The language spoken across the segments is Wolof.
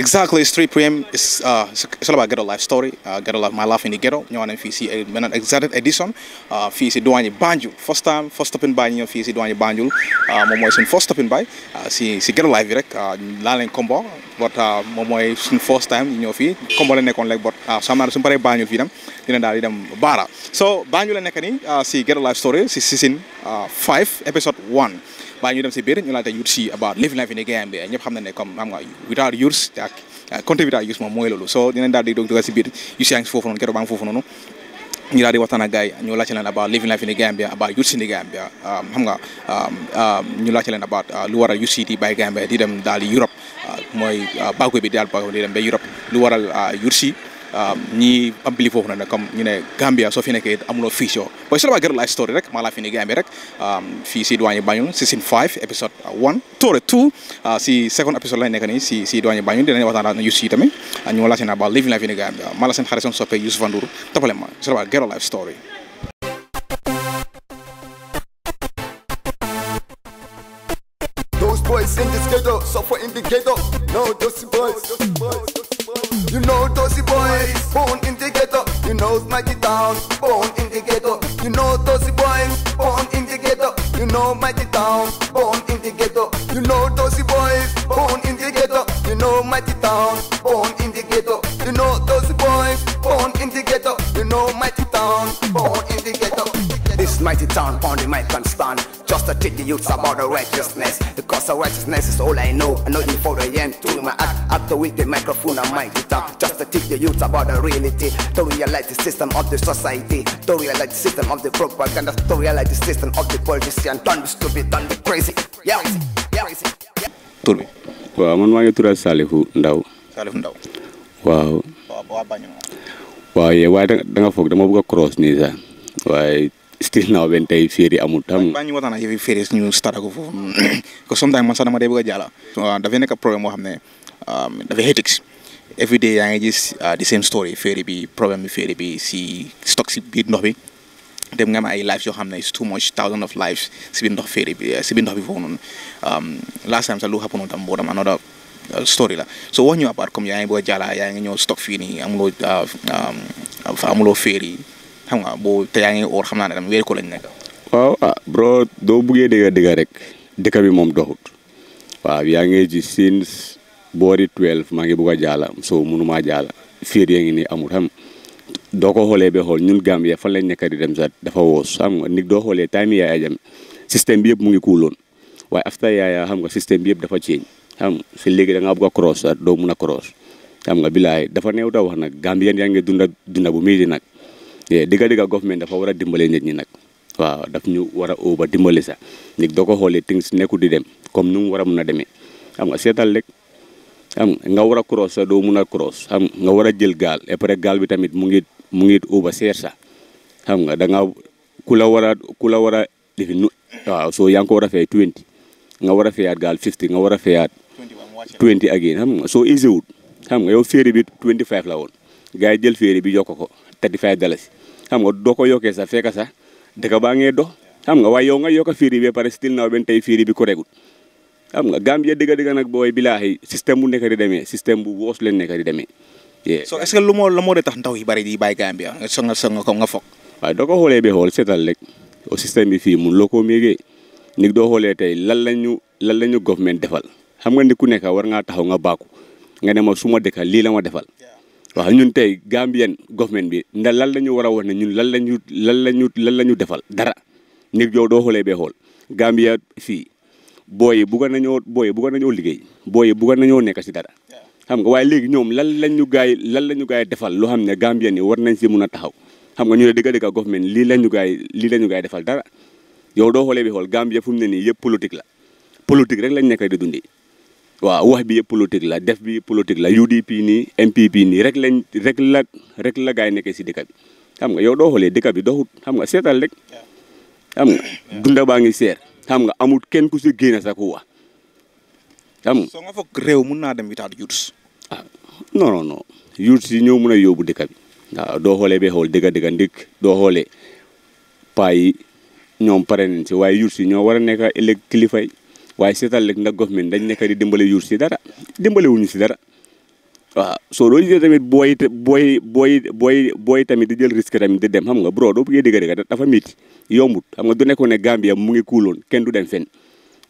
exactly it's 3 p.m. It's, uh, it's all about life story uh, life my life in the ghetto ñëwaat nañ fii si beneen extended fii si Douane Banjul first time first stopping by ñu ñëw fii si e Douane Banjul uh, moom mooy suñu first stopping by uh, si si ghetto life bi rek uh, laa leen combo but moom mooy suñu first time ñu ñëw fii combo la nekkoon rek but xam naa ne suñu paree Banjul fii dem dina daal di dem Baara so Banjul la nekk nii si ghetto life story si season 5 episode 1. waaye ñu dem si biir ñu laajte youths about live life in the Gambia xam na ne comme xam nga without youths ak content without youths moom mooy loolu soo dinañ daal di doog dugal si biir youths yaa ngi foofu noonu keroog baa ngi foofu noonu ñu daal di waxtaan ak gars ñu laajte leen about living life in the Gambia about youths in the Gambia um, um, um, uh, lu waral youths yi di bàyyi Gambia dem daal di Europe uh, mooy uh, baagoy bi daal baagoy bi di dem ba Europe lu waral youths yi Ah, ñi ampli foofu na ne comme ñu ne Gambia soo fi nekkee amuloo fii soo boy seulement gërëm story rek maa laa fi ni Gambia rek ah, fii si Doyen Banjul season 5 épisode 1 toore 2 si second épisode lañ nekk nii si si Doyen Banjul dinañ waxtaan na Youssou yi tamit ah, ñu ma laa seen about living life in Gambia maa la seen xarit seen soppe Youssoupha Ndour toppale ma seulement gërëm la story righteousness is all I know. I know you for the end, doing my act. After with the microphone and my guitar. Just to teach the youth about the reality. Don't realize the system of the society. Don't realize the system of the propaganda. Don't realize the system of the politician. Don't be stupid, don't be crazy. Yeah, yeah, yeah. tur bi. waaw man maa ngi tural Salifou wow, wow. Wow, waaw. Wow, waaye waaye da nga foog dama bëgg a cross Niza. sax still now ben tey féeri amul tam baa ñu waxtaan ak yëfi féeri ñu start ko foofu ko sometimes sax dama day bëgg a jaala ah, dafay nekk problème boo xam ne um, dafay hectics every ah, bi problème bi féeri bi si stock si ndox bi dem nga ma ay lives yoo xam ne it's too much thousand of lives si biir ndox féeri bi eh, si biir ndox bi foofu noonu um, last time sax lu happen tam boo tam another uh, story la so wax ñu à comme yaa ngi jaala yaa ngi ñëw stock fii nii amuloo ah, um, amuloo féeri xam nga boo te yaa ngi oor xam naa ne tamit wéer ko lañ nekk. waaw ah bro doo buggee dëgg dëgg rek dëkk bi moom doxut waaw yaa ngi ji since boori maa ngi bugg a jaala so mënumaa jaala fiir yaa ngi nii amul xam doo ko xoolee ba xool ñun Gambia fan lañ nekk di dem dafa woos xam nga doo xoolee time Yaya Jammeh système bi yëpp mu ngi kuuloon waaye after Yaya xam nga système bi yëpp dafa ceeñ xam nga si léegi da ngaa bugg a cross ah, doo mun a cross xam nga bilaay dafa néew da wax nag Gambien yaa ngi dunda dunda bu métti nag. Eh, digga digga government dafa war a dimbale nit ñi nag waaw daf ñu war a óoba dimbali sax nit doo ko xoolee things nekku di dem comme ni mu war a mun a demee xam nga seetal rek xam nga war a cross sax doo mun a cross xam nga war a jël gaal après gaal bi tamit mu ngi mu ngi óoba seer sax xam nga danga ku la war a ku la war a defi nu waaw soo yaa war a fay 20 nga war a fayaat gaal 50 nga war a fayaat 20 again xam nga soo easy wut xam nga yow féeri bi la woon gars yi jël bi xam nga doo ko yokkee sax fekk sax dëkk baa ngee dox xam nga waaye yow nga yokk a fiiri bi pare style naaw benn tey fiiri bi ko regul xam nga Gambia dëgg dëgg nag booy bilaahi système bu nekk di système bu woos leen nekk di demee. so est lu moo lu moo tax ndaw yi bari di bàyyi Gambia nga songa songa ko nga foog. waaye doo ko xoolee ba xool seetal rek système bi fii mun loo koo méegee ni doo xoolee tey lan la ñu lan la ñu government defal xam nga ni ku nekk war ngaa taxaw nga baaku nga ne ma su ma dëkk lii la ma defal waaw ñun tey Gambien government bi nda lan la ñu war a wax ne ñun lan la ñu lan la ñu lan la ñu defal dara nit yow doo xoolee bee xool Gambia fii booy yi buggoon nañoo booy yi buggoon nañoo liggéey booy yi buggoon nañoo nekk si dara xam nga waaye ñoom lan lañ ñu gaay lan la ñu gaay defal loo xam ne Gambien yi war nañ si mun a taxaw xam nga ñu ne dëgg-dëgg government lii la ñu lii la ñu gaay defal dara yow doo xoolee bee xool Gambia fu mu ne nii yëpp politique la politique rek lañ nekk di dundee waaw wax bi yëpp politique la def bi politique la UDP nii MPP nii rek la rek la rek la gaay nekkee si dëkk bi xam nga yow doo xoolee dëkk bi doxut xam nga seetal rek xam nga dunda baa ngi seer xam nga amul kenn ku si génne sa ku wax xam nga. soo nga foog réew mun naa dem witaat yuut. ah non si ñëw mun a yóbbu dëkk bi waaw doo xoolee ba xool dëgg dëgg ndik doo xoolee paa ñoom pare nañ si waaye yuut si ñoo war a nekk ëllëg kilifa yi waaye seetal rek nag gof min dañ nekk di dimbale yuur si dara dimbale wuñu si dara waaw soo doo gisee tamit booy booy booy booy booy tamit di jël risque tamit di dem xam nga bro doo bëggee dégg dégg dafa métti xam nga du nekkoon ne Gambia mu ngi kuuloon kenn du dem fenn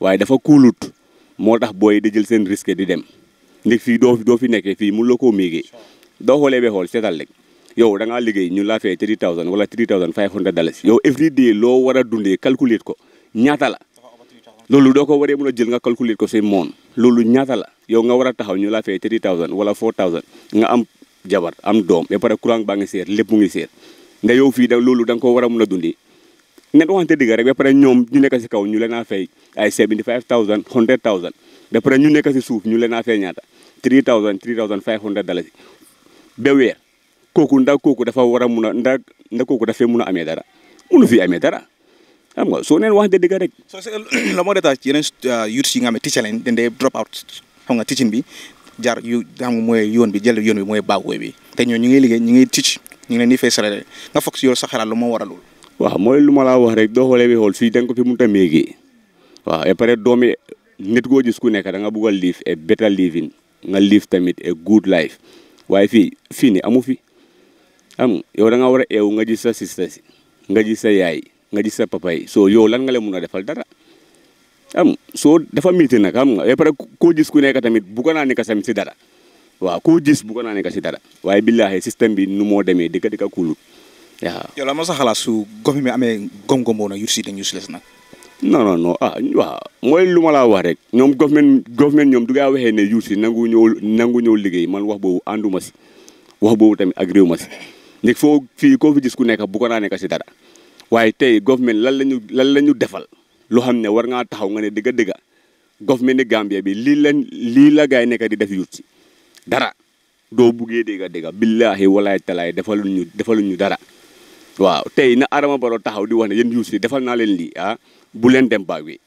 waaye dafa kuulut moo tax booy di jël seen risque di dem ndig fii doo doo fi nekkee fii mun loo ko méegee doo xoolee ba xool seetal rek yow da ngaa liggéey ñu laa fee 3000 wala 3500 dalasi yow every day loo war a dundee calculer ko ñaata la loolu doo ko waree mën a jël nga calculer ko si moon loolu ñaata la yow nga war a taxaw ñu la fay 3000 wala 4000 nga am jabar am doom ba pare courant baa ngi seer lépp mu ngi seer nga yow fii da loolu da ko war a mën a dundi net waxante dëgg rek ba pare ñoom ñu nekk si kaw ñu leen a fay ay 75000 100000 ba pare ñu nekk si suuf ñu leen a fay ñaata 3000 3500 dalasi ba weer kooku ndax kooku dafa war a mun a ndax ndax kooku dafee mun a amee dara munu fi amee dara xam nga soo neen wax de dëgg rek. soo seet la moo détaillé ci yeneen euh, youths yi nga xam ne teacher leen dañ day drop bi jaar yu xam nga mooy yoon bi jël yoon bi mooy baaw bi te ñoo ñu ngi liggéey ñu ngi teach ñu ngi leen di fay salaire nga foog si yow sa xalaat lu moo waral loolu. waaw mooy lu ma la wax rek doo xoolee bi xool fii da nga ko fi mënut a méegee waaw et pare doomi nit koo gis ku nekk da nga bugg a live a better nga liif tamit e good life waaye fii fii nii amu fi am yow da nga war a eew nga ji sa sister si nga gis sa yaay nga gis sa papa yi soo yow lan nga leen mun a defal dara am soo dafa miiti nag xam nga et pare koo gis ku nekk tamit bugg naa nekk tamit si dara waaw koo gis bugg naa nekk si dara waaye billaahi système bi nu moo demee dëkk dëkk kuulut waaw. yow la ma sa su gox mi amee gom-gomboo nag yu si dañu si les nag. non non ah, mooy lu ma laa wax rek ñoom government government ñoom du ngaa waxee ne yuut si nangu ñëw nangu ñëw liggéey man wax boobu si wax boobu tamit agréwu ma si léegi foo fii koo fi ku nekk bugg naa nekk si dara waaye tey government lan la ñu lan la ñu defal loo xam ne war ngaa taxaw nga ne dëgg dëgg government ni Gambia bi lii lañ lii la gaay nekk di def yut si dara doo buggee dëgg dëgg billaahi walaay talaay defaluñu defaluñu dara waaw tey na Adama Barrow taxaw di wax ne yéen yuut si defal naa leen lii ah, bu leen dem baag wi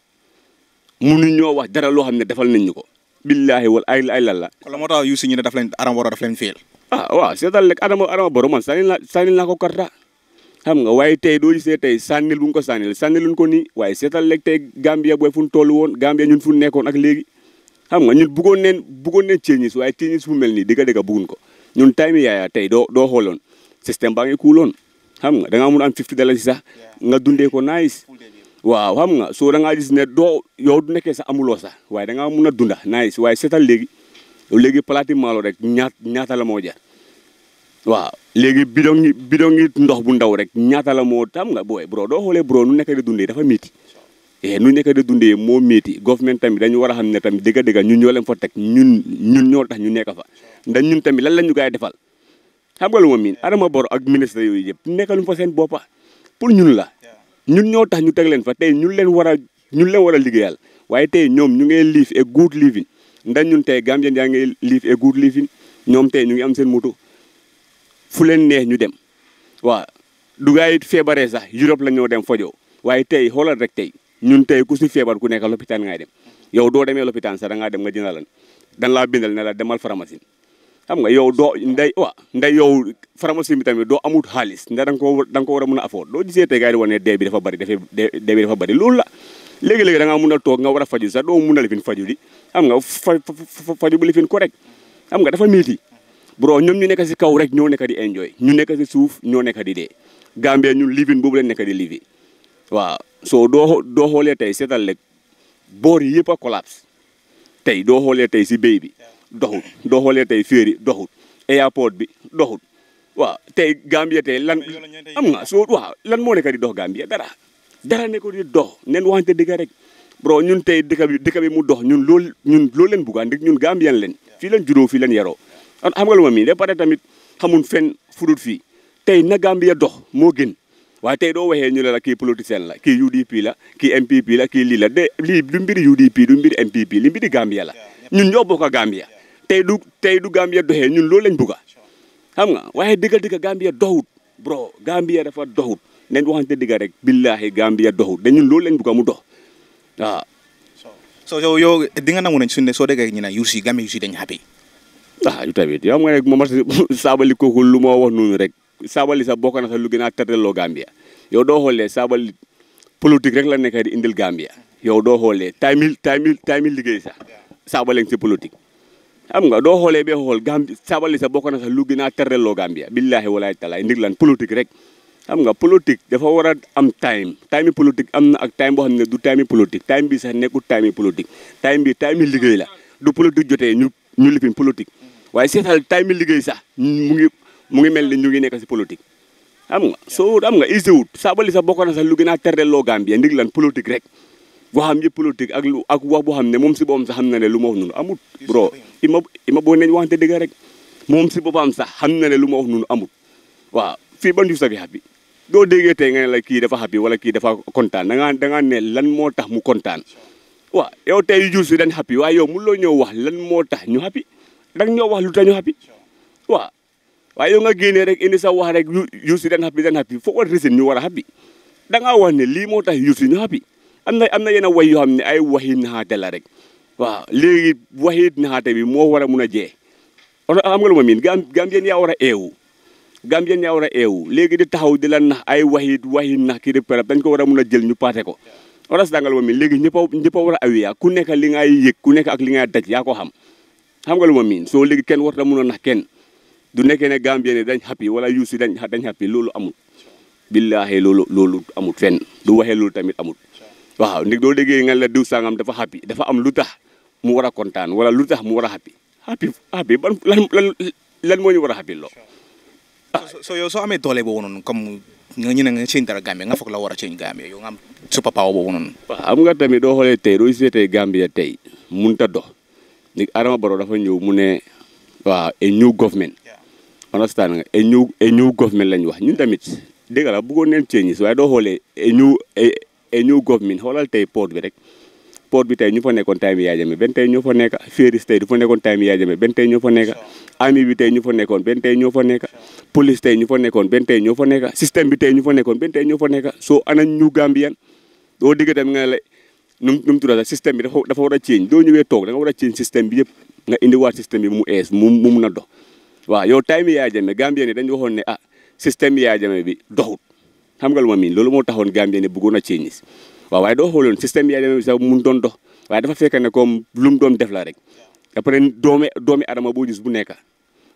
nu ñoo wax dara loo xam ne defal nañ ñu ko billaahi wala ay ay lan la. kon la moo tax yuut si ñu ne def leen Adama Barrow daf leen feel. ah waaw seetal rek Adama Adama Barrow man sànni naa sànni naa ko karta xam nga waaye tey doo gisee tey sànnil bu ñu ko sànnil sànniluñ ko nii waaye seetal léeg tey Gambia booy fu ñu toll woon Gambia ñun fu ñu nekkoon ak léegi xam nga ñun bëggoon neen bëggoon neen ceeñis waaye ceeñis fu mel nii dëgg dëgg bëgguñ ko ñun time yaaya tey doo doo xooloon système baa ngi kuuloon xam nga da ngaa mun am 50 dalasi sax nga dundee ko nice waaw xam nga soo da ngaa gis ne doo yow du nekkee sax amuloo sax waaye danga ngaa mun a dunda nice waaye seetal léegi léegi pratiquement loolu rek ñaat ñaata la moo jar léegi bidon yi bidon yi ndox bu ndaw rek ñaata la moo tam nga booy bro doo xoolee bro nu nekk di dundee dafa métti e eh, nu nekk di dundee moo métti government tamit dañu war a xam ne tamit dëgg dëgg ñun ñoo leen fo teg ñun ñun ñoo tax ñu nekk fa ndax ñun tamit lan la ñu gaay defal xam nga lu ma miin Adama Barrow ak ministre yooyu yëpp nekkaluñ fa seen boppa pour ñun la ñun ñoo tax ñu teg leen fa tey ñun leen war a ñun leen war a liggéeyal waaye tey ñoom ñu ngi live a good living ndax ñun tey Gambien yaa ngi live a ñoom tey ñu ngi am seen moto fu leen neex ñu dem waaw dugaay it feebaree sax Europe la ñoo dem fajoo waaye tey xoolal rek tey ñun tey ku si feebar ku nekk lopitaan ngay dem yow doo demee lopitaan sax dangaa dem nga jënd lan dan laa bindal ne la demal pharmacie xam nga yow doo nday waaw nday yow pharmacie bi tamit doo amut xaalis ndax da nga ko da nga ko war a mun a afford doo gisee tey gars yi di wax dee bi dafa bari dafay dee bi dafa bëri loolu la léegi-léegi da mun a toog nga war a faju sax doo mun a lifin faju li xam nga faju bu lifin correct xam nga dafa métti bro ñoom ñu nekk si kaw rek ñoo nekk di enjoy ñu nekk si suuf ñoo nekk di dee Gambia ñun livin boobu leen nekk di livi waaw soo doo doo tey seetal rek boor yi yëpp a collapse tey doo xoolee tey si béy bi doxut doo xoolee tey féeri doxut airport bi doxut waaw tey Gambia tey lan am nga soo waaw lan moo nekk di dox Gambia dara dara ne ko di dox nen waxante dëgg rek bro ñun tey dëkk bi dëkk bi mu dox ñun loolu ñun loolu leen buggaan rek ñun Gambien leen fii leen juddoo fii leen yaroo xam nga lu ma mii de pare tamit xamul fenn fudut fii tey na Gambia dox moo gën waaye tey doo waxee ñu ne la kii politicien la kii UDP la kii MPP la kii lii la de lii du mbiri UDP du mbiri MPP li mbiri Gambia la ñun ñoo bokk Gambia tey du tey du Gambia doxee ñun loolu lañ bugga xam nga waaye dëgg dëgg Gambia doxut bro Gambia dafa doxut nañ waxante dëgg rek billahi Gambia doxut da loolu lañ bugga mu dox waaw. so yow yow di nga nangu nañ suñu ne soo déggee ñu naan yu si Gambia yu si dañu happy waaw ah, tamit yow nga ne moom saabali lu moo wax noonu rek saabali sa bokk na sax lu gën a tarteloo Gambia yow doo xoolee saabali politique rek la nekk di indil Gambia yow doo xoolee taamil taamil taamil liggéey sax saabali si politique. xam nga doo xoolee bee xool Gambia saabali sax bokk na sax lu gën a tarteloo Gambia billaahi walaahi talaay ndig lan politique rek. xam nga politique dafa war a am time time politique am na ak time boo xam ne du time politique time bi sax nekkul time politique time bi time liggéey la du politique jote ñu ñu lifin politique. waaye seetal tay mi liggéey sax mu ngi mu ngi mel ni ñu ngi nekk si politique. am nga soo am nga is wut Sabally sax bokk na sax lu gën ter terdel loo Gambie ndig lan politique rek waxam yëpp politique ak lu ak wax boo xam ne moom si boppam sax xam na ne lu ma wax noonu amut. bro ima ima boo nañ waxante dëgg rek moom si boppam sax xam na ne lu ma wax noonu waaw fii ban ju sa bi doo déggee tey nga ne la kii dafa happy wala kii dafa kontaan da ngaa da ne lan moo tax mu kontaan waaw yow tey jur si dañ happy waaye yow mun loo ñëw wax lan moo tax ñu happy da ñoo wax lu tax ñu happy waaw waaye yow nga génnee rek indi sa wax rek yu si den happy den happy foo war reason ñu war a happy da ngaa wax ne lii moo tax yu si ñu happy am na am na yenn way yoo xam ne ay waxi naxaate la rek waaw léegi waxi naxaate bi moo war a mun a jee xam nga lu ma miin Gambien yaa war a eewu Gambien yaa war a eewu léegi di taxaw di la nax ay waxi waxi nax kii di perab dañ ko war a mun a jël ñu paate ko oras dangal ma miin léegi ñëpp a ñëpp a war a awiya ku nekk li ngay yëg ku nekk ak li ngay daj yaa ko xam xam nga lu ma soo léegi kenn war na mun nax kenn du nekkee ne Gambien ne dañ happy wala yuusi dañ dañ happy loolu amut billaahi loolu loolu amut fenn du waxee loolu tamit amut waaw ndig doo déggee nga la diw sangam dafa happy dafa am lu tax mu war a kontaan wala lu tax mu war a happy happy happy ban lan lan lan moo ñu war a happy loo. so yow soo amee doole boobu noonu comme nga ñu ne nga seen dara Gambie nga foog la war a seen Gambie yow nga am super power am nga tamit doo xoolee tey doo gisee tey Gambie tey mënut ta dox. Adama Barrow dafa ñëw mu ne waaw a new government understand nga a new a new wax ñun tamit dégg la bëggoon neen changes waaye doo xoolee a new a new government xoolal tey port bi rek port bi tey ñu fa nekkoon time Yaya Jammeh benn tey ñoo fa nekk féeris tey du fa nekkoon time Yaya Jammeh benn tey nekk army bi tey ñu fa nekkoon benn fa nekk police tey ñu fa nekkoon benn tey ñoo fa nekk système bi tey ñu fa nekkoon benn tey ñoo fa nekk soo ana ñu Gambian doo digg tamit nga la nu nu mu tuddati système bi dafa dafa war a change doo ñëwee toog da war a change système bi yëpp nga indiwaat système bi mu ees mu mu mun a dox waaw yow time yi Yaya Jammeh Gambien yi dañu waxoon ne ah système yi bi doxut xam nga ma miin loolu moo taxoon Gambien yi bëggoon a change waaw waaye doo xooloon système yi Yaya Jammeh bi sax mun doon dox waaye dafa fekk ne comme lu mu doon def la rek après doomi doomi adama boo gis bu nekk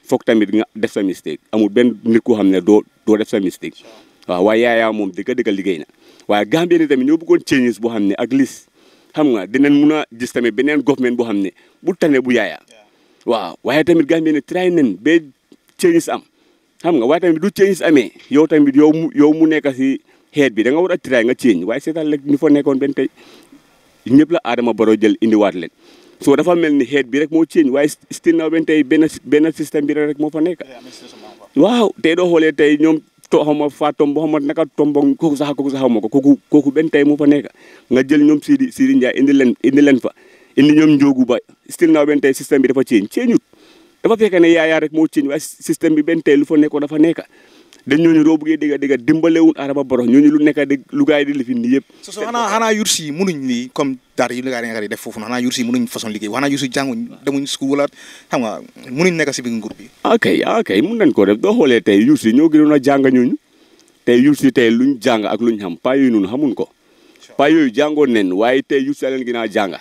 foog tamit nga def sa mistake amul benn nit koo xam ne doo doo def sa mistake waaw waaye yaayaa moom dëgg-dëgg liggéey na waaye Gambien yi tamit ñoo bëggoon changes boo xam ne ak liis xam nga dinañ mun a gis beneen government boo xam ne bu tane bu yaaya waaw waaye tamit Gambien ne try nañ ba changes am xam nga waaye tamit du changes amee yow tamit yow mu yow mu nekk si xeet bi danga war a try nga change waaye seetaan rek ñu fo nekkoon benn tey ñëpp la Adama Barrow jël indiwaat leen soo dafa mel ni xeet bi rek moo change waaye still now benn tey benn benn système bi rek moo fa nekk waaw tey doo xoolee to xaw ma faa tomb xaw ma naka tombong kooku sax kooku sax xaw ma ko kooku kooku benn tey moo fa nekk nga jël ñoom Sidi Sidi Ndiaye indi leen indi leen fa indi ñoom njóogu ba still na benn tey système bi dafa ceeñ ceeñut dafa fekk ne yaayaa rek moo ceeñ waaye système bi benn tey lu fa nekkoon dafa neka dañ ñooñu doo buggee dégg dégg dimbalewul araba boro ñu lu nekk dégg lu gaay di lifi ni yépp so so xana xana yursi mënuñ ni comme dar yu nga nga def fofu xana yursi mënuñ façon liggéey xana yursi jangu demuñ school at xam nga mënuñ nekk ci bi groupe bi ah, okay ah, okay mën nañ ko def do xolé tay yursi ñoo na jang ñooñu tay yursi tay luñ jang ak luñ xam pa yoy ñun xamuñ ko pa yoy jangoon nen waye tay yursi leen gëna janga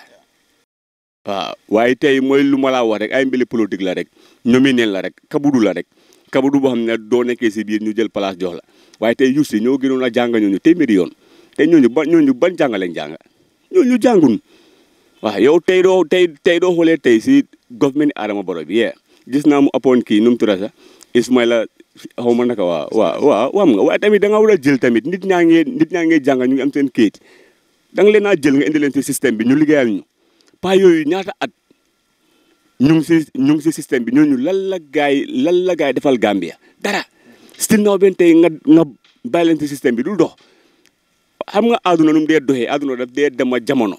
waaw waye tay moy luma la wax rek ay mbili politique la rek ñomi neen la rek kabudu la rek kabadu boo xam ne doo nekkee si biir ñu jël place jox la waaye tey juste ñoo gënoon a jàng ñooñu téeméeri yoon tey ñooñu ba ñooñu ban jàng lañ jàng ñooñu jàngun waaw yow tey doo tey tey doo xoolee tey si government Adama Barrow bi yee gis naa mu appoon kii nu mu tudd sax Ismaila xaw ma naka waa waa waa waam nga waaye tamit da nga a jël tamit nit ñaa ngee nit ñaa ngee jàng ñu ngi am seen kayit da nga leen naa jël nga indi leen si système bi ñu liggéeyal ñu pas yooyu ñaata at ñu si ñu si système bi ñooñu lan la gaay lan la gaay defal Gambia dara stilnaw benn tey nga nga bàyyi leen si système bi dul dox xam nga àdduna nu mu dee doxee àdduna daf dee dem jamono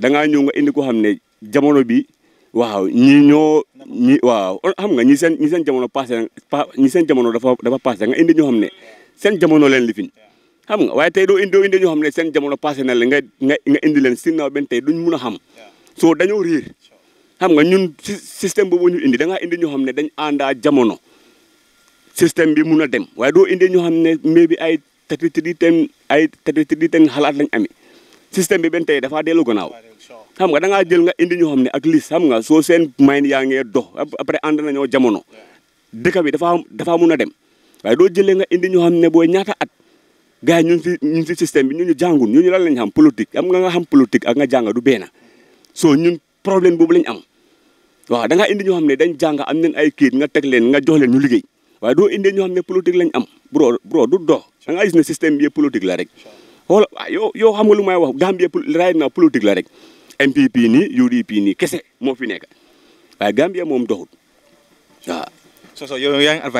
da ngaa ñëw nga indi ko xam ne jamono bi waaw ñi ñoo ñi waaw xam nga ñi seen ñi seen jamono passé ñi seen jamono dafa dafa passé nga indi ñoo xam ne seen jamono leen lifin xam nga waaye tey doo indi doo indi ñoo seen jamono passé na la nga nga indi leen stilnaw benn tey duñ mun a xam soo dañoo réer xam nga ñun système boobu ñu indi da indi ñoo xam ne dañ àndaa jamono système bi mun a dem waaye doo indi ñoo xam ne mais bi ay tatitidi ten ay tatitidi ten xalaat lañ amee système bi benn tey dafaa dellu gannaaw xam nga da jël nga indi ñoo xam ne ak nga soo seen mayn yaa ngee dox après ànd nañoo jamono dëkk bi dafaa dafaa mun a dem waaye doo jëlee nga indi ñoo xam ne booy ñaata at gars yi ñun si ñun si système bi ñu ñu jàngun ñu ñu lan lañ xam politique am nga nga xam politique ak nga jàng du benn soo ñun problème boobu lañ am wa da nga indi ñu xamne ne dañ jang am nañ ay kiit nga tek leen nga jox leen ñu liggey wa do indi ñu xamne ne politique lañ am bro bro du do da nga gis ne système bi politique la rek wala yo yo xam nga lu may wax Gambie raay na politique la rek MPP ni UDP ni kesse mo fi nek wa Gambie moom doxut so so yow yaa a ah,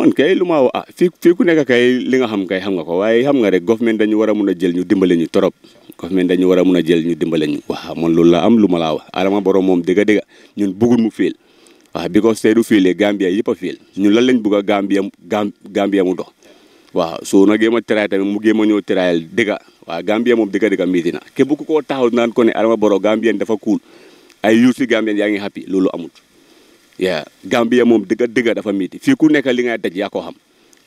man kay lu ma ah fii fii ko waaye xam nga rek government dañu war a mun a jël ñu dimbale ñu torop government war a mun a jël ñu dimbale ñu waaw man loolu la am lu ma laa wax Adama Barrow moom dëgg dëgg ñun bëggul mu fiil waaw bi ko seedu fiilee Gambia yëpp a fiil ñun lan lañ bëgg a Gambia Gambia mu dox waaw soo na géem a tëraay tamit mu géem a ñëw tëraayal dëgg waa Gambia moom dëgg dëgg miiti na képp ku ko taxaw naan ko ne Adama Barrow Gambien dafa kuul ay yuusi Gambien yaa ngi happy loolu amut yeah Gambia moom dëgg dëgg dafa miiti fii ku nekk li ngay daj yaa ko xam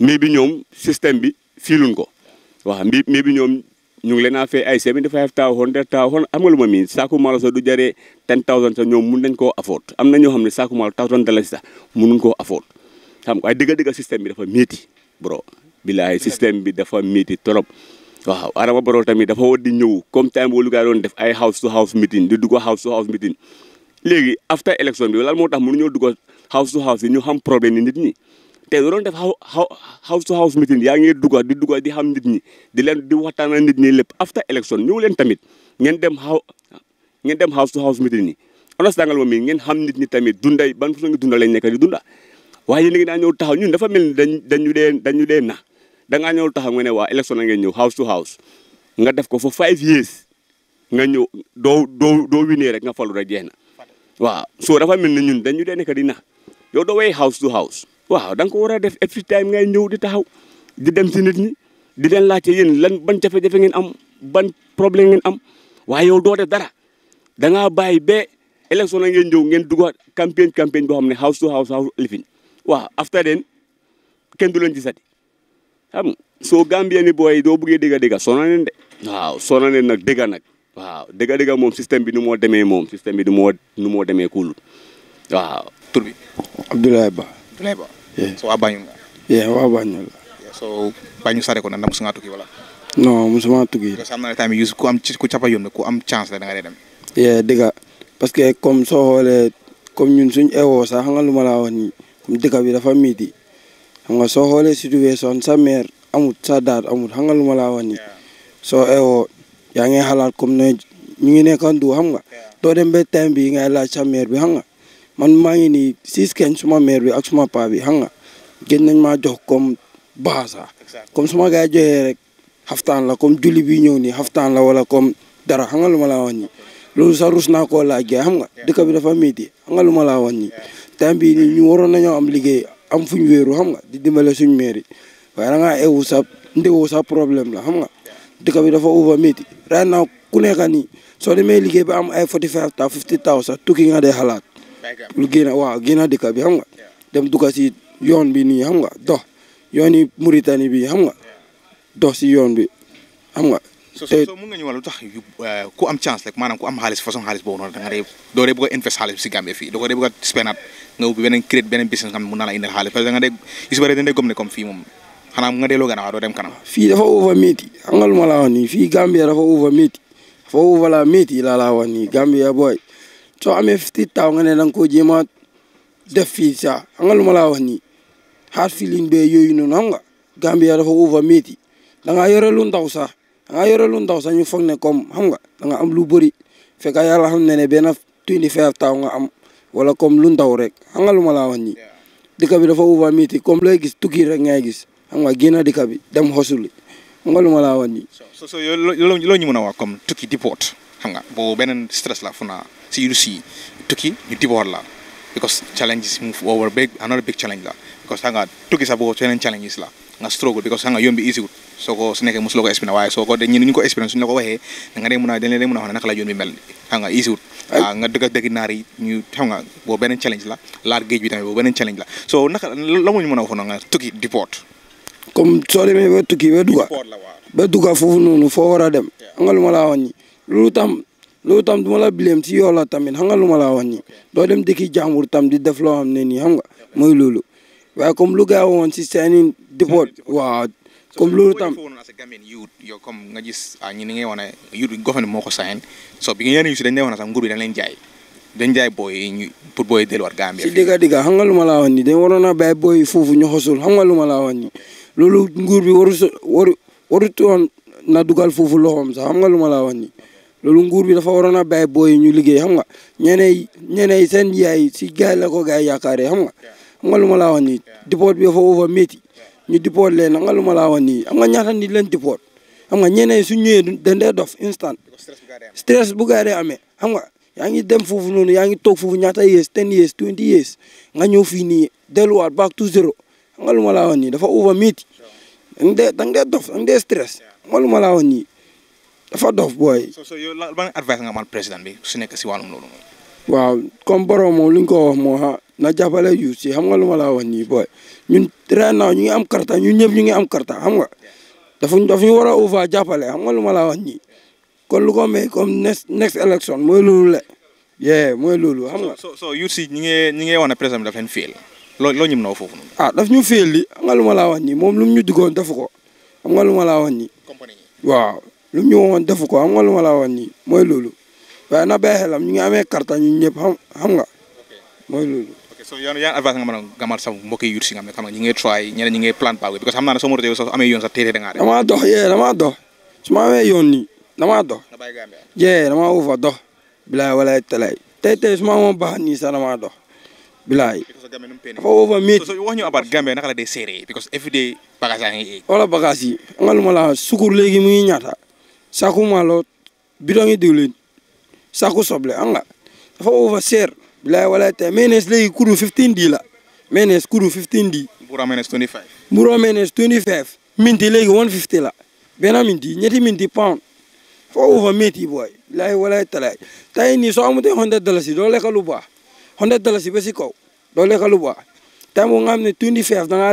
mais bi ñoom système bi fiiluñ ko waaw mbi mais bi ñoom ñu ngi leen a ay seventy five thousand hundred thousand xam nga lu ma miin saaku maalo sax du jëree ten thousand sax ñoom mun nañ koo afoot am na ñoo xam ne saaku maalo thousand dalasi sax munuñ koo afford xam nga waaye dëgg dëgg système bi dafa miiti bro bilaay système bi dafa miiti trop waaw Adama Barrow tamit dafa di ñëw comme time boo def ay house to house meeting di dugg house to house meeting léegi after election bi lan moo tax ñëw dugg house to house yi ñu xam problème yi nit ñi te doon def house to house meeting yaa ngeen dugg di dugg di xam nit ñi di leen di waxtaan ak nit ñi lépp after election ñëw leen tamit ngeen dem how ngeen dem house to house meeting yi understand nga moom ngeen xam nit ñi tamit dunday ban façon dunda lañ nekk di dunda waaye yéen naa ñëw taxaw ñun dafa mel ni dañ dañu dee dañu dee na da ngaa ñëw taxaw nga ne waa élection la ngeen ñëw house to nga def ko for five nga ñëw doo doo doo rek nga falu rek jeex na waaw soo dafa mel na ñun dañu dee nekk di nax yow doo way house to house waaw da nga ko war a def every time ngay ñëw di taxaw di dem si nit ñi di leen laajte yéen lan ban jafe-jafe ngeen am ban problème ngeen am waaye yow doo def dara da ngaa bàyyi ba élection ngeen ñëw ngeen dugg campagne campagne boo xam ne house to house house lifin waaw after den kenn du leen gisati xam soo Gambien ni booy doo bëggee dégg-dégg sonal leen de waaw sonal leen nag dégg nag. waaw dega dega mom système bi nu moo demee moom système bi nu moo nu moo demee kuul waaw. tur bi. Abdoulaye Ba. Abdoulaye Ba. so waa Banjul yeah wa Banjul la. so Banjul sare ko na ndax musuma tukki wala. non musuma tukki. parce que am na tamit Youssou ku am ci ku chapa yoon ko am chance la da nga dem. yeah dega, parce que comme so xoolee comme ñun suñ ewoo sax xam nga lu ma laa wax nii comme dëkk bi dafa miiti xam nga so xoolee situation sa mère amut sa daat amut xam nga lu wax yaa ngi xalaat comme ne ñu ngi nekkoon du xam nga doo dem ba temps bi ngay laaj sa mère bi xam nga man maa ngi nii six kenn suma meer bi ak suma paa bi xam nga gën nañ ma jox comme baasa comme suma gars yi rek xaftaan la comme julli bi ñëw nii xaftaan la wala kom dara xam nga lu ma laa wax nii loolu sax rus naa koo laaj gaay xam nga dëkk bi dafa métti xam nga lu ma laa wax nii temps bi ni ñu waroon nañoo am liggéey am fuñ wéeru xam nga di dimbale suñ mère yi waaye da ngaa sa ndewoo sa problème la xam nga dëkk bi dafa ouvre métti right now ku nekka ya nii soo demee liggéey ba am ay 45 ta fifty thousand tukki nga day xalaat lu génn waaw génn dëkk bi xam nga dem dugg si yoon bi nii xam nga dox yoon Mauritanie bi xam nga dox si yoon bi xam nga so so mën nga ñu wax tax ku am chance rek maanaam ku am xaalis façon xaalis boobu noonu da nga dee doo dee bëgg a invest xaalis si Gambie fii doo ko dee bëgg a spendaat nga ubbi beneen crédit beneen business nga xam ne mën la indil xaalis parce que da nga dee yu si bëri dañ dee gëm ne comme fii moom xanaa nga delloo gannaaw dem kanam. fii dafa over a xam nga lu ma la wax nii fii Gambia dafa over métti dafa over la métti laa la wax nii Gambia booy soo amee fii taw nga ne da nga koo jéem def fii saa xam lu ma la wax nii hard feeling bee yooyu noonu xam nga Gambia dafa over métti da ngaa yore lu ndaw sax yore lu ndaw sax ñu foog ne comme xam nga danga am lu bëri fekk yàlla xam ne ne benn twenty five taw nga am wala comme lu ndaw rek xam nga lu ma la wax nii dëkk bi dafa over métti comme lay gis tukki rek ngay gis. xam nga génn dëkk nii. so so loolu ñu mën a wax comme tukki dippoot xam nga boobu beneen stress la fu naa si yu si tukki ñu dippoot la because challenges move over la because xam nga soo ko su nekkee ko expérience waaye soo ko de la ko waxee nga dee mën a dañ leen mën a wax ne naka la yoon bi mel nga easy wut waaw ah, nga dëgg challenge la laar géej bi tamit boobu beneen challenge la so naka la mu ñu a wax nga tukki dippoot comme soo me wetu ki ba duga fufu nonu fo wara foo war a dem lu tam loolu tam du la bileem si yow la tamit lu dem dëkki jamur tam di def lo xam ni xam nga moy lolu wa comme lu gaa won si seeni deport, wa comme loolu tam yo comme nga gis ah, ñi ni ngay wane yuut gouvernement moo ko saxeen so bi ngeen yu ci dañ lay wane sax nguur bi dañ leen jaay dañ jaay boy ñu pour delu wat Gambia si diga diga xam nga luma la laa ni dañ warona bay boy fofu ñu xosul xam nga luma la laa ni loolu nguur bi waru sa waru warutoon na dugal foofu loxoom sax am nga lu ma laa wax loolu nguur bi dafa waroon a bàyyi booy ñu liggéey am nga ñeneen ñeneen seen yaay si gaay la ko gaay yaakaaree xam nga xam nga lu ma laa wax nii dipoot bi dafa over métti ñu dipoot leen xam nga lu ma laa wax nii xam nga ñaata ni leen dipoot xam nga ñeneen su ñëwee dañ dee dof instant stress bu gaay amee xam nga yaa ngi dem foofu noonu yaa ngi toog foofu ñaata yees ten yees twenty yees nga ñëw fii nii delluwaat back to nga lu ma nii dafa overmeet dang dee dang dee dof dang ma laa wax nii dafa dof booy. so so yow ban advice nga président bi su nekk si wàllum loolu. waaw comme boro moom li ñu ko wax moo na jàppale yu si xam nga lu ma laa wax nii booy ñun ren naaw ñu ngi am karta ñun ñëpp ñu ngi am karta xam nga dafa dafa ñu war a over jàppale xam nga lu ma laa wax nii kon lu ko may comme next next election mooy loolu la. yee mooy loolu xam nga. so so yu si ñi ngi ñi ngi wax ne président bi dafa leen loo loo ñëm naw foofu noonu. ah daf ñu féel li xam nga lu laa wax nii moom lu mu ñu diggoon defu ko am nga lu ma laa wax nii. waaw lu mu woon defu ko xam nga lu ma laa wax mooy loolu waaye na bàyyi xelam ñu ngi amee karta ñun ñëpp xam nga mooy loolu. so yoon yaa advice nga mën a gamal sa mbokk yi yut xam ne xam naa ne soo moto soo amee yoon sax téere da ngaa def damaa dox yee damaa dox su ma amee yoon nii damaa dox yee damaa wufa dox bilaay walaay talaay tey tey su ma amoon baax nii sax damaa dox bilaay foofa métti so wax ñu about Gambia naka la because every day bagage yaa ngi eeg wala bagage yi nga lu sukur léegi mu ngi ñaata saako maalo bidon yi diwlin soble an ah, nga dafa belai walai bilaay wala te eh, menes léegi kuru 15 di la menes kuru 15 di Mura menes 25 five. menes 25 minti léegi 150 la Bena minti ñetti minti pound foo fa métti boy. bilaay wala talaay tey ni so amutee 100 dalasi doo lekk lu baax 100 dalasi kaw doo lekk lu tamu ngamne nga xam ne tuuti da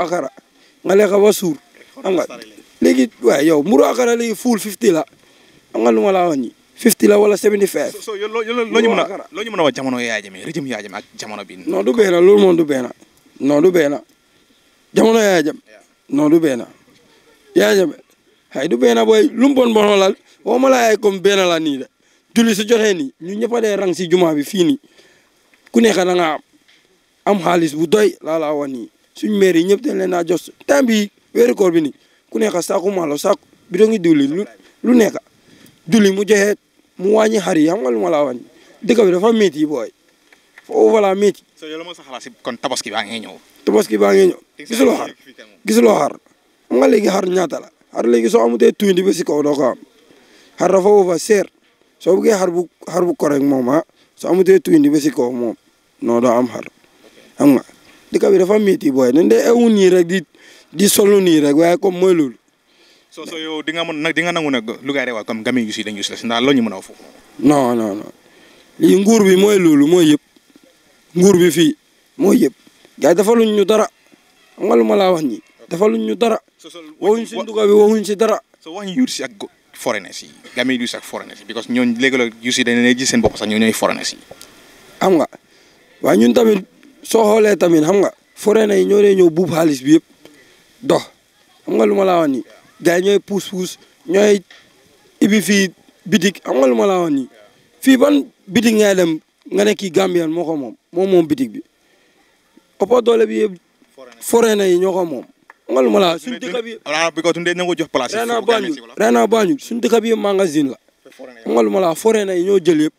akara nga lekk ba suur xam nga yow muro akara léegi full 50 la xam nga lu ma laa wax 50 la wala 75. so so yo loo ñu mën a loo wax jamono Yaya Jammeh régime ak jamono bi. non du beena lool mo du beena non du beena jamono Yaya Jammeh non du beena Yaya Jammeh du beena boy lu mu bon bon lal woo ma la ay comme beena la ni de julli su joxe ni ñu ñëpp rang si juma bi fini nii ku nekk da am am halis bu doy la la wani suñu mère maire dañ leena naa jox temps bi wéru koor bi ni ku nekk saaku maalo saaku bi do ngi duli lu lu duli mu joxe mu wañi xari am wal mala wani ma bi dafa metti boy fo wala metti so yalla ma sa xalaat kon tabaski ba ngi ñew tabaski baa ngi ñëw gisuloo xar gisuloo xar nga xar ñata la xar so tuindi ci ko do ko xar dafa ser so bu ge xar bu xar bu moma so tuindi ci ko mom no do am xar. xam nga dëkk bi dafa métti booy de ewu nii di sol solu nii rek waaye comme mooy loolu. soo soo yow di nga mën nag di nga nangu nag lu gaa reewaat comme gamins si dañuy si ndax loolu ñu mën a wax foofu. non non lii nguur bi mooy loolu mooy yëpp nguur bi fii moo yëpp gars yi dafa luñ ñu dara xam lu ma laa wax nii. dafa luñ ñu dara. waxuñ si nduga bi waxuñ si dara. soo wax ñu yuut si ak foreigners yi gamins yu si ak foreigners yi parce que ñooñu léegi la si dañu leen gis seen bopp sax ñoo ñooy foreigners yi. xam tamit soo xoolee tamit xam nga foreigner yi ñoo dee ñëw buub xaalis bi yëpp dox xam nga lu ma laa wax nii gars yi ñooy puus puus ñooy ibi fii bitik am nga lu ma laa wax fii ban bitik ngay dem nga ne kii Gambien moo ko moom moom moom bitik bi ëpp doole bi yëpp foreigner yi ñoo ko moom. xam nga lu ma laa suñu bi bi jox place. Rena dëkk bi magasin la. xam nga lu ma laa yi ñoo jël yëpp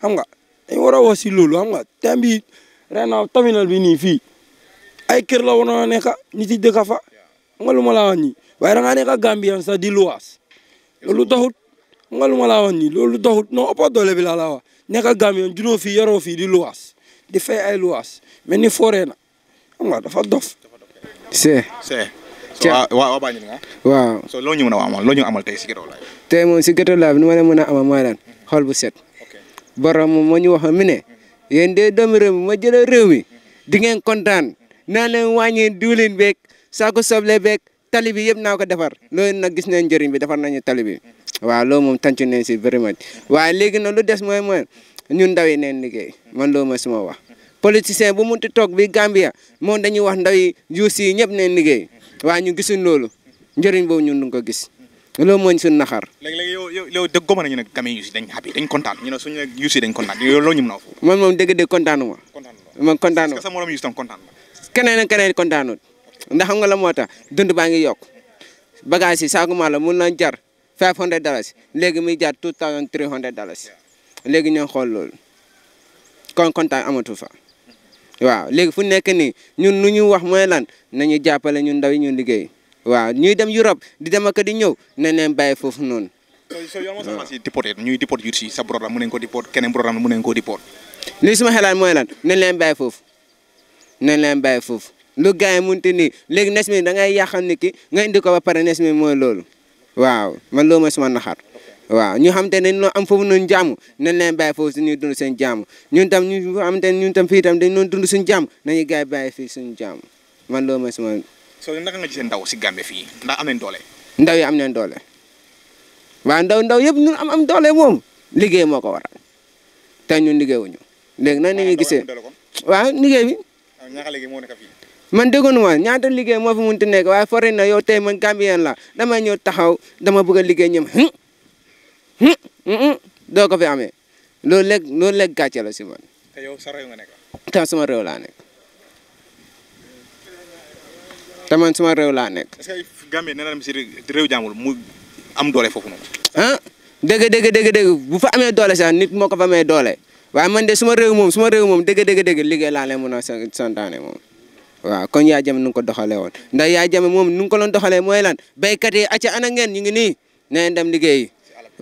xam nga dañu war a wax loolu xam nga temps Renaaw terminal bi nii fii ay kër la woon a nekk nit yi fa nga lu ma laa wax nii waaye di luas loolu taxut nga lu ma laa wax nii loolu taxut non ëpp dole bi laa la wax nekk Gambien junoo di luas di fay ay luwaas mel forena xam nga dafa dof. se se wa wa waa Banjul nga. wa so loo ñu mën a amal loo ñu amal tey si Ghetto Life. tey moom si Ghetto Life bi nu ma leen amal mooy lan xol bu set. borom moom ñu wax mi ne. yéen de doomu ma jëlee réew mi di ngeen kontaan naa leen wàññi diwlin beeg saako soble beeg tali bi yëpp naa ko defar loolu nag gis nañ njëriñ bi defar nañu tali bi waaw loolu moom tàncu nañ si vraiment waa léegi na lu des mooy mooy ñun ndaw yi neen liggéey man loo ma si ma wax. politicien bu munti toog bi Gambia moom dañuy wax ndaw yi juus yi ñëpp neen liggéey waa ñu gisuñ loolu njëriñ boobu ñun duñ ko gis. loolu mooñ suñ naxar léegi-léegi yow yow yow dëgg goma nañu ne gamee Youssou dañ happy dañ kontaan ñu ne suñu ne Youssou dañ kontaan yow loolu ñu a keneen ak keneen kontaanut ndax xam nga la moo tax dund baa ngi yokk bagage yi saako la mun na jar five hundred dollars léegi muy jar two thousand three hundred dollars léegi ñoo xool loolu kon amatu fa waaw léegi fu nekk nii ñun nu ñu wax mooy lan nañu jàppale ñun ndaw yi ñu liggéey waaw ñuy dem Europe di dem ak di ñëw nañ leen bàyyi foofu noonu. so yow ma soxla si diport ñuy diport yu si sa programme mu ne ko diport keneen programme mu ne ko diport. lii suma xalaat mooy lan nañ baay bàyyi foofu nañ leen foofu lu gars yi mënti nii léegi nes mi da ngay yàqal ki nga indi ko ba pare nes mi mooy loolu waaw man loolu mooy suma naxaar. waaw ñu xamante ne ñoo am foofu noonu jaamu nañ leen bàyyi foofu suñuy dund seen jaamu ñun tam ñu xamante ne ñun tam fii tam dañ doon dund suñu jaamu nañu gars yi fii suñu jaamu man loolu mooy suma soo naka nga gisee ndaw si Gambie fii ndax am nañ doole. ndaw yi am nañ doole waaw ndaw ndaw yëpp ñun am am doole moom liggéey moo ko waral te ñun liggéeyuñu léegi nan la ñuy ah, gisee waaw liggéey bi. Ah, man déggoon ma ñaata liggéey moo fi mënti nekk waa fori na yow tey man Gambien la dama ñëw taxaw dama bëgg a liggéey ñoom doo ko fi amee loolu léeg loolu léeg gàcce la si man. te yow sa réew laa te man suma réew laa nekk. est-ce que gambe nena mi si rew jamul mu am doole fofu non ah deug deug deug deug bu fa amé doole sax nit moko fa amé doole waye man de suma rew mom suma rew mom deug deug deug liggéey la lay mëna santané mom wa kon ya jame nu ko doxalee won ndax ya jame mom nu ko lon doxalee moy lan béykat yi acca ana ngeen ñi ngi nii neen dem liggéeyi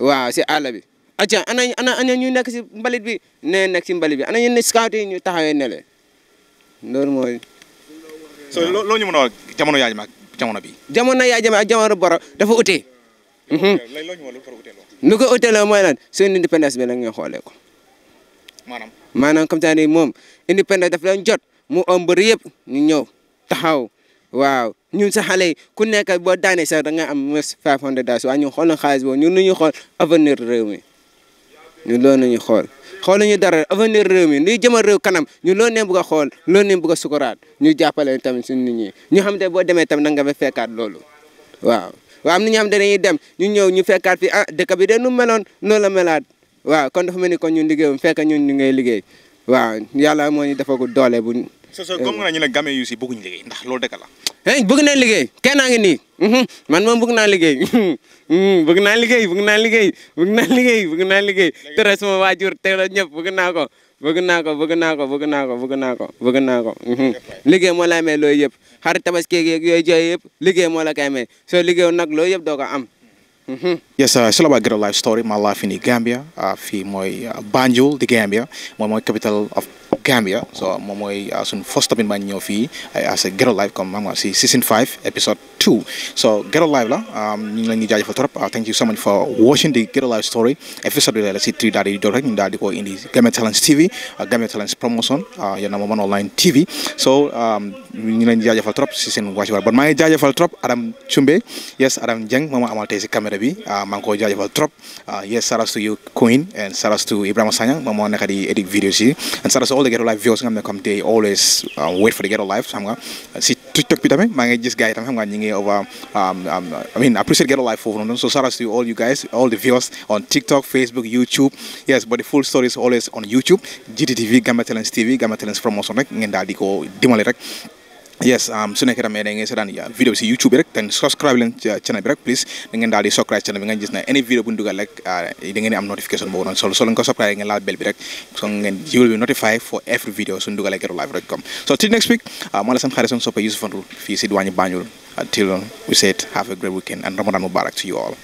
wa ci ala bi acca ana ana ana ñu nek si mbalit bi neen nek ci mbalit bi ana ñu scout yi ñu taxawé ne le loolu so loo ñu mën a wax jamono yaay ma ak jamono bi jamono yaay jame ak jamono boro dafa utee mhm. lu ko utee la mooy lan seen indépendance bi la ngeen xoolee ko maanaam maanaam comme ça ni moom indépendance daf leen jot mu am bëri yëpp ñu ñëw taxaw waaw ñun sa xale yi ku nekk boo daane sax da nga am mos five hundred daas waa ñu xool na xaalis boobu ñun lu ñuy xool avenir réew mi ñu loolu la ñuy xool xooluñu dara avenir réew mi liy jëmal réew kanam ñu loolu neen bëgg a xool loolu neen bëgg a sukuraat ñu jàppale tamit suñu nit ñi ñu xam te boo demee tamit nag nga fa fekkaat loolu waaw waaw am na ñoo xam dañuy dem ñu ñëw ñu fekkaat fi ah dëkk bi de nu meloon noonu la melaat waaw kon dafa mel ni kon ñun liggéeyam fekk ñun ñu ngay liggéey waaw yàlla moo ñu dafa ko doole bu so so comme nga ñu ne game yu si bëgguñu liggéey ndax loolu dëgg la. Eh, bëgg naa liggéey kenn naa ngi nii mhm. man moom mhm. bëgg naa liggéey bëgg naa liggéey bëgg naa liggéey bëgg naa liggéey bëgg naa liggéey tere sama waajur tere ñëpp bëgg naa ko bëgg naa ko bëgg naa ko bëgg naa ko bëgg naa ko bëgg naa ko mhm. liggéey moo la amee loolu yëpp xar tabaski yeeg yooyu jooy yëpp liggéey moo la koy amee soo liggéeyul nag loolu yëpp doo ko am yes sila ba gërëm life story ma laa fi ni Gambia ah, fii mooy ah, Banjul di Gambia moom mooy capital of Gambia so mom moy uh, sun first topic ba fi ay eh, as a girl Life comme xam si season 5 episode 2 so girl Life la um, ñu ngi leen di jaajëfal trop uh, thank you so much for watching the girl Life story episode la si 3 daal di door rek ñu daal di ko indi Gambia Talents TV uh, Gambia Talents Promotion ya na moom online TV so um, ñu ngi leen di jaajëfal trop ci seen wàccuwaay war ba may jaajëfal trop Adam Chumbe yes Adam Jeng mom amal tay ci caméra bi maa ngi ko jaajëfal trop yes saras to you Queen and saras to Ibrahim Sanyang mom mo nekati di edit videos yi and saras all the ghetto life I'm gonna come they always uh, wait for the ghetto life xam nga si TikTok bi tamit maa ngi gis gars yi tamit xam nga ñu ngi over um, um, I mean appreciate ghetto life for noonu so shout out to all you guys all the viewers on TikTok Facebook YouTube yes but the full story is always on YouTube GTTV gamma Talents TV gamma Talents promotion rek ngeen daal di ko dimbali rek yes um, su nekkee YouTube rek ten subscribe leen uh, channel bi rek please da ngeen subscribe channel bi any vidéo bu ñu rek uh, da am notification solo nga subscribe laal bell bi rek so ngeen you will be for every video suñu dugalee Ghetto Life dot com so till next week uh, maa la seen xarit seen soppe Yusuf Ndour si diwaanu Banjul till we said have a great weekend and Ramadan Mubarak to you all